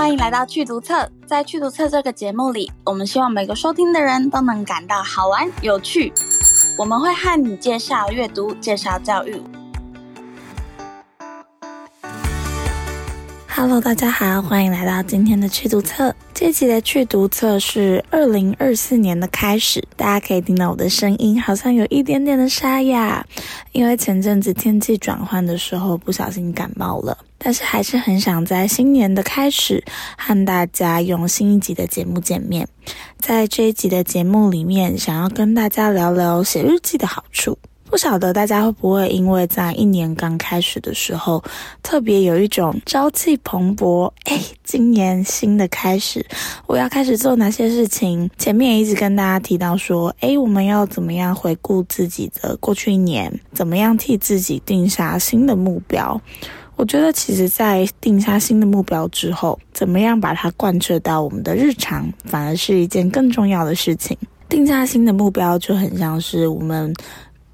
歡迎來到趣讀冊，在趣讀冊這個節目裡，我們希望每個收聽的人都能感到好玩有趣。我們會和你介紹閱讀，介紹教育。Hello，大家好，歡迎來到今天的趣讀冊。這一集的趣讀冊是二零二四年的開始，大家可以聽到我的聲音好像有一點點的沙啞，因為前陣子天氣轉換的時候不小心感冒了。但是還是很想在新年的開始和大家用新一集的節目見面。在這一集的節目裡面，想要跟大家聊聊寫日記的好處。不曉得大家會不會因為在一年剛開始的時候，特別有一種朝氣蓬勃。誒，今年新的開始，我要開始做哪些事情？前面也一直跟大家提到說，誒，我們要怎麼樣回顧自己的過去一年？怎麼樣替自己定下新的目標？我覺得，其實，在定下新的目標之後，怎麼樣把它貫徹到我們的日常，反而是一件更重要的事情。定下新的目標，就很像是我們。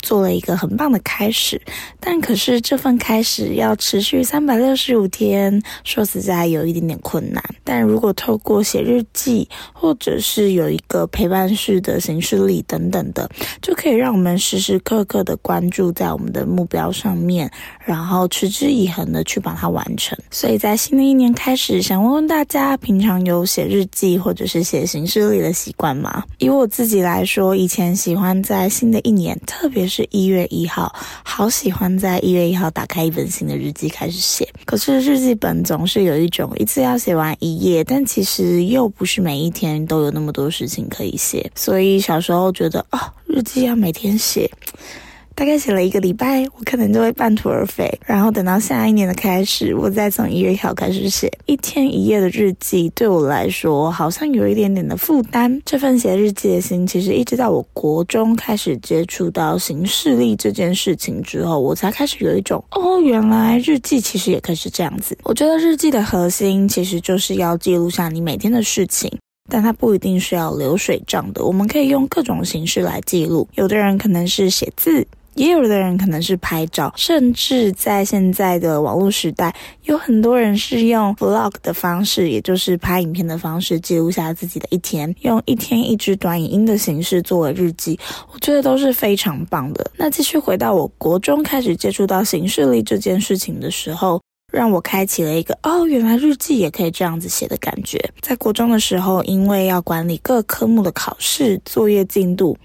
做了一個很棒的開始，但可是這份開始要持續三百六十五天，說實在有一點點困難。但如果透過寫日記，或者是有一個陪伴式的行事曆等等的，就可以讓我們時時刻刻的關注在我們的目標上面，然後持之以恆的去把它完成。所以在新的一年開始，想問問大家，平常有寫日記或者是寫行事曆的習慣嗎？以我自己來說，以前喜歡在新的一年，特別是是一月一號，好喜歡在一月一號打開一本新的日記開始寫。可是日記本總是有一種一次要寫完一頁，但其實又不是每一天都有那麼多事情可以寫。所以小時候覺得，哦，日記要每天寫。大概寫了一個禮拜，我可能就會半途而廢。然後等到下一年的開始，我再從一月一號開始寫一天一夜的日記。對我來說，好像有一點點的負擔。這份寫日記的心，其實一直到我國中開始接觸到行事曆這件事情之後，我才開始有一種哦，原來日記其實也可以是這樣子。我覺得日記的核心其實就是要記錄下你每天的事情，但它不一定是要流水賬的。我們可以用各種形式來記錄。有的人可能是寫字。也有的人可能是拍照，甚至在現在的網絡時代，有很多人是用 vlog 的方式，也就是拍影片的方式，記錄下自己的一天，用一天一支短影音的形式作為日記，我覺得都是非常棒的。那繼續回到我國中開始接觸到行事曆這件事情的時候。讓我開啟了一個哦，原來日記也可以這樣子寫的感覺。在國中的時候，因為要管理各科目的考試、作業進度，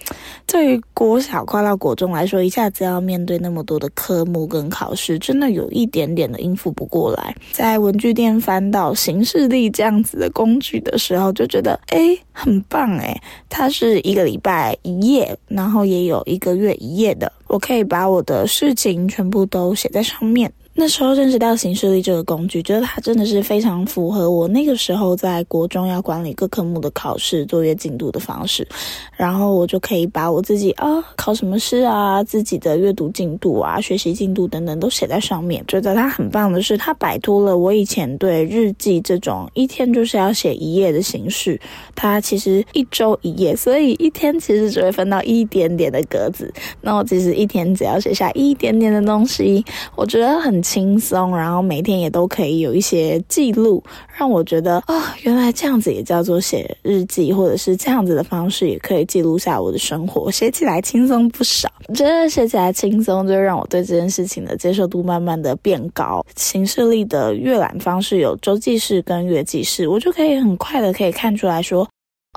對於國小跨到國中來說，一下子要面對那麼多的科目跟考試，真的有一點點的應付不過來。在文具店翻到行事曆這樣子的工具的時候，就覺得哎，很棒哎，它是一個禮拜一頁，然後也有一個月一頁的，我可以把我的事情全部都寫在上面。那時候認識到行事曆這個工具，覺得它真的是非常符合我那個時候在國中要管理各科目的考試作業進度的方式。然後我就可以把我自己啊、哦、考什麼試啊、自己的閱讀進度啊、學習進度等等都寫在上面。覺得它很棒的是，它擺脫了我以前對日記這種一天就是要寫一頁的形式。它其實一周一頁，所以一天其實只會分到一點點的格子。那我其實一天只要寫下一點點的東西，我覺得很。輕鬆，然後每天也都可以有一些記錄，讓我覺得啊、哦，原來這樣子也叫做寫日記，或者是這樣子的方式也可以記錄下我的生活，寫起來輕鬆不少。真的寫起來輕鬆，就讓我對這件事情的接受度慢慢的變高。行事曆的閱覽方式有週記式跟月記式，我就可以很快的可以看出來說，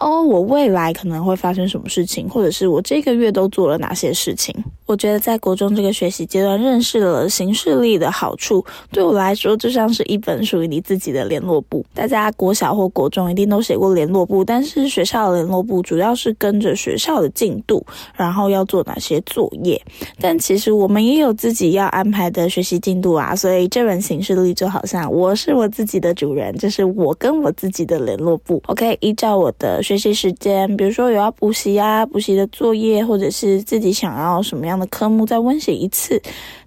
哦，我未來可能會發生什麼事情，或者是我這個月都做了哪些事情。我覺得在國中這個學習階段認識了行事曆的好處，對我來說就像是一本屬於你自己的聯絡簿。大家國小或國中一定都寫過聯絡簿，但是學校的聯絡簿主要是跟着學校的進度，然後要做哪些作業。但其實我們也有自己要安排的學習進度啊，所以這本行事曆就好像我是我自己的主人，這、就是我跟我自己的聯絡簿。o、okay, k 依照我的學習時間，比如說有要補習啊，補習的作業，或者是自己想要什麼樣，的科目再溫習一次，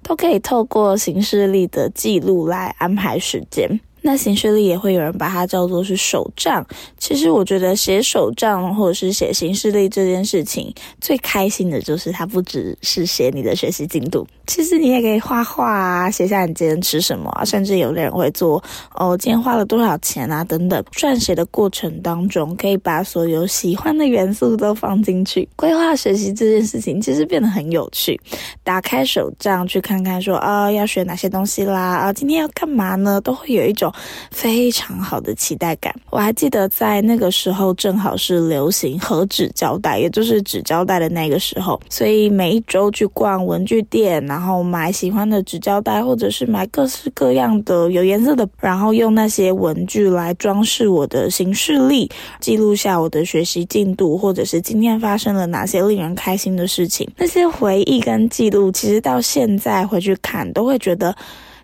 都可以透過行事曆的記錄來安排時間。那行事曆也會有人把它叫做是手賬其實我覺得寫手賬或者是寫行事曆這件事情，最開心的就是它不只是寫你的學習進度，其實你也可以畫畫啊，寫下你今天吃什麼啊，甚至有的人會做哦今天花了多少錢啊等等，撰寫的過程當中可以把所有喜歡的元素都放進去，規劃學習這件事情其實變得很有趣，打開手賬去看看說啊、哦、要學哪些東西啦啊、哦、今天要幹嘛呢，都會有一種。非常好的期待感。我還記得在那個時候，正好是流行和紙膠帶，也就是紙膠帶的那個時候，所以每一周去逛文具店，然後買喜歡的紙膠帶，或者是買各式各樣的有顏色的，然後用那些文具來裝飾我的行事曆，記錄下我的學習進度，或者是今天發生了哪些令人開心的事情。那些回憶跟記錄，其實到現在回去看，都會覺得。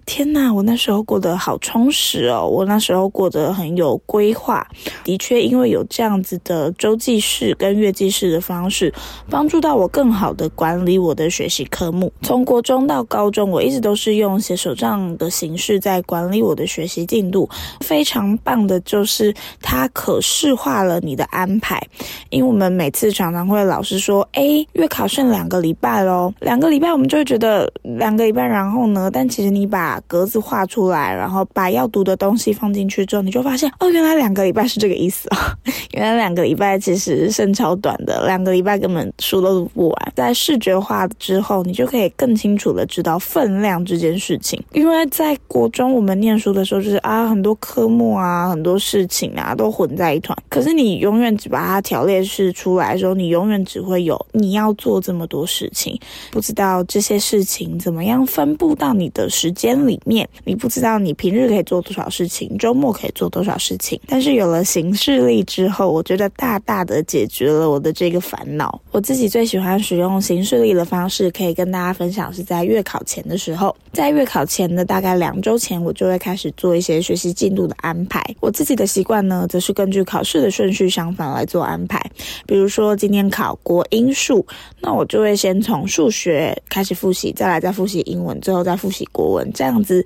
天吶，我那時候過得好充實哦！我那時候過得很有規劃，的確，因為有這樣子的周記式跟月記式的方式，幫助到我更好的管理我的學習科目。從國中到高中，我一直都是用寫手帳的形式在管理我的學習進度。非常棒的就是它可視化了你的安排，因為我們每次常常會老師說：“誒，月考剩兩個禮拜咯，兩個禮拜我們就會覺得兩個禮拜，然後呢？但其實你把把格子畫出來，然後把要讀的東西放進去之後，你就發現哦，原來兩個禮拜是這個意思啊、哦！原來兩個禮拜其實是甚超短的，兩個禮拜根本書都讀不完。在視覺化之後，你就可以更清楚地知道分量這件事情。因為在國中我們念書的時候，就是啊，很多科目啊，很多事情啊都混在一團。可是你永遠只把它條列式出來的時候，你永遠只會有你要做這麼多事情，不知道這些事情怎麼樣分布到你的時間。裡面你不知道你平日可以做多少事情，週末可以做多少事情。但是有了行事曆之後，我覺得大大的解決了我的這個煩惱。我自己最喜歡使用行事曆的方式，可以跟大家分享是在月考前的時候，在月考前的大概兩周前，我就會開始做一些學習進度的安排。我自己的習慣呢，則是根據考試的順序相反來做安排。比如說今天考國英數，那我就會先從數學開始複習，再來再複習英文，最後再複習國文。這樣。樣子。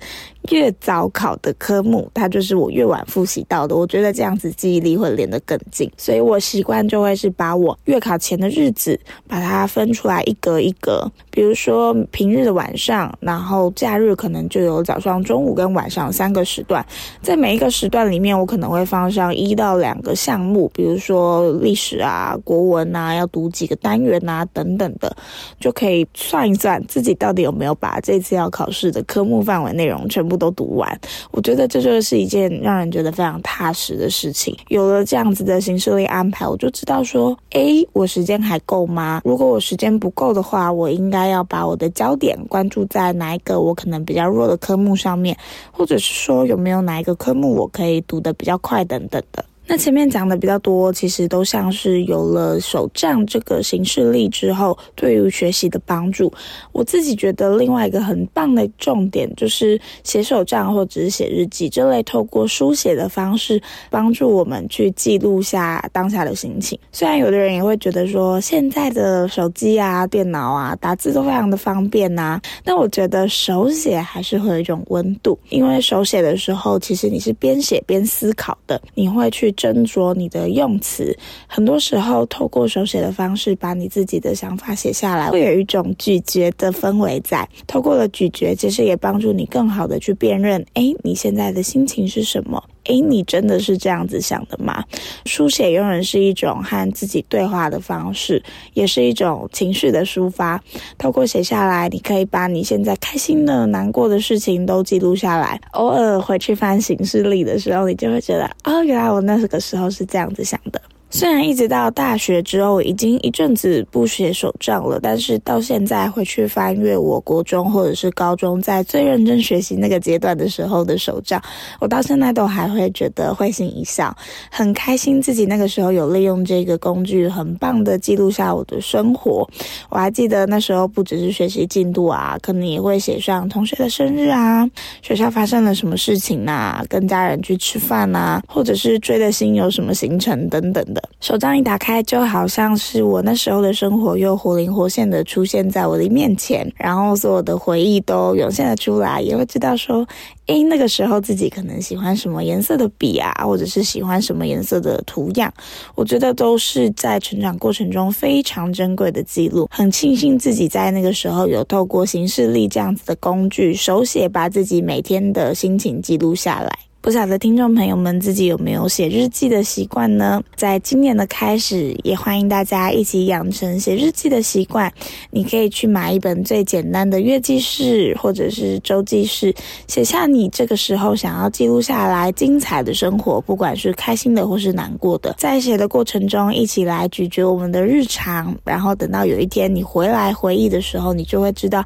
越早考的科目，它就是我越晚複習到的。我覺得這樣子記憶力會連得更近，所以我習慣就會是把我月考前的日子把它分出來一格一格。比如說平日的晚上，然後假日可能就有早上、中午跟晚上三個時段，在每一個時段裡面，我可能會放上一到兩個項目，比如說歷史啊、國文啊，要讀幾個單元啊等等的，就可以算一算自己到底有沒有把這次要考試的科目範圍內容全部。都讀完，我覺得這就是一件讓人覺得非常踏實的事情。有了這樣子的行事曆安排，我就知道說，誒，我時間還夠嗎？如果我時間不夠的話，我應該要把我的焦點關注在哪一個我可能比較弱的科目上面，或者是說有沒有哪一個科目我可以讀得比較快等等的。那前面講的比較多，其實都像是有了手賬這個形式力之後，對於學習的幫助。我自己覺得另外一個很棒的重點就是寫手賬或者是寫日記這類，透過書寫的方式幫助我們去記錄下當下的心情。雖然有的人也會覺得說現在的手機啊、電腦啊打字都非常的方便啊，但我覺得手寫還是會有一種溫度，因為手寫的時候，其實你是邊寫邊思考的，你會去。斟酌你的用詞，很多時候透過手寫的方式，把你自己的想法寫下來，會有一種咀嚼的氛圍在。透過了咀嚼，其實也幫助你更好的去辨認，哎，你現在的心情是什麼？誒，你真的是這樣子想的嗎？書寫永遠是一種和自己對話的方式，也是一種情緒的抒發。透過寫下來，你可以把你現在開心的、難過的事情都記錄下來。偶爾回去翻行事曆的時候，你就會覺得，啊、哦，原來我那個時候是這樣子想的。雖然一直到大學之後已經一陣子不寫手賬了，但是到現在會去翻閱我國中或者是高中在最認真學習那個階段的時候的手賬，我到現在都還會覺得會心一笑，很開心自己那個時候有利用這個工具，很棒的記錄下我的生活。我還記得那時候不只是學習進度啊，可能也會寫上同學的生日啊，學校發生了什麼事情啊，跟家人去吃飯啊，或者是追的星有什麼行程等等的。手賬一打開，就好像是我那時候的生活又活靈活現的出現在我的面前，然後所有的回憶都湧現了出來，也會知道說，誒，那個時候自己可能喜歡什麼顏色的筆啊，或者是喜歡什麼顏色的圖樣，我覺得都是在成長過程中非常珍貴的記錄，很慶幸自己在那個時候有透過行事曆這樣子的工具，手寫把自己每天的心情記錄下來。不曉得聽眾朋友們自己有沒有寫日記的習慣呢？在今年的開始，也歡迎大家一起養成寫日記的習慣。你可以去買一本最簡單的月記式或者是週記式，寫下你這個時候想要記錄下來精彩的生活，不管是開心的或是難過的。在寫的過程中，一起來咀嚼我們的日常，然後等到有一天你回來回憶的時候，你就會知道，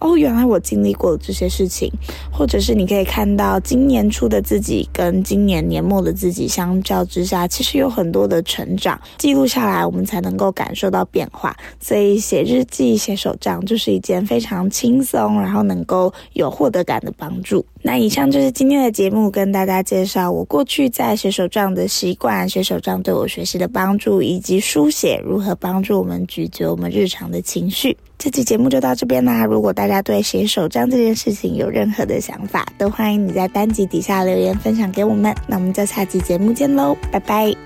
哦，原來我經歷過的這些事情，或者是你可以看到今年初的自己跟今年年末的自己相較之下，其實有很多的成長，記錄下來，我們才能夠感受到變化。所以寫日記、寫手賬就是一件非常輕鬆，然後能夠有獲得感的幫助。那以上就是今天的節目，跟大家介紹我過去在寫手帳的習慣，寫手帳對我學習的幫助，以及書寫如何幫助我們咀嚼我們日常的情緒。這期節目就到這邊啦，如果大家對寫手帳這件事情有任何的想法，都歡迎你在單集底下留言分享給我們。那我們就下期節目見嘍，拜拜。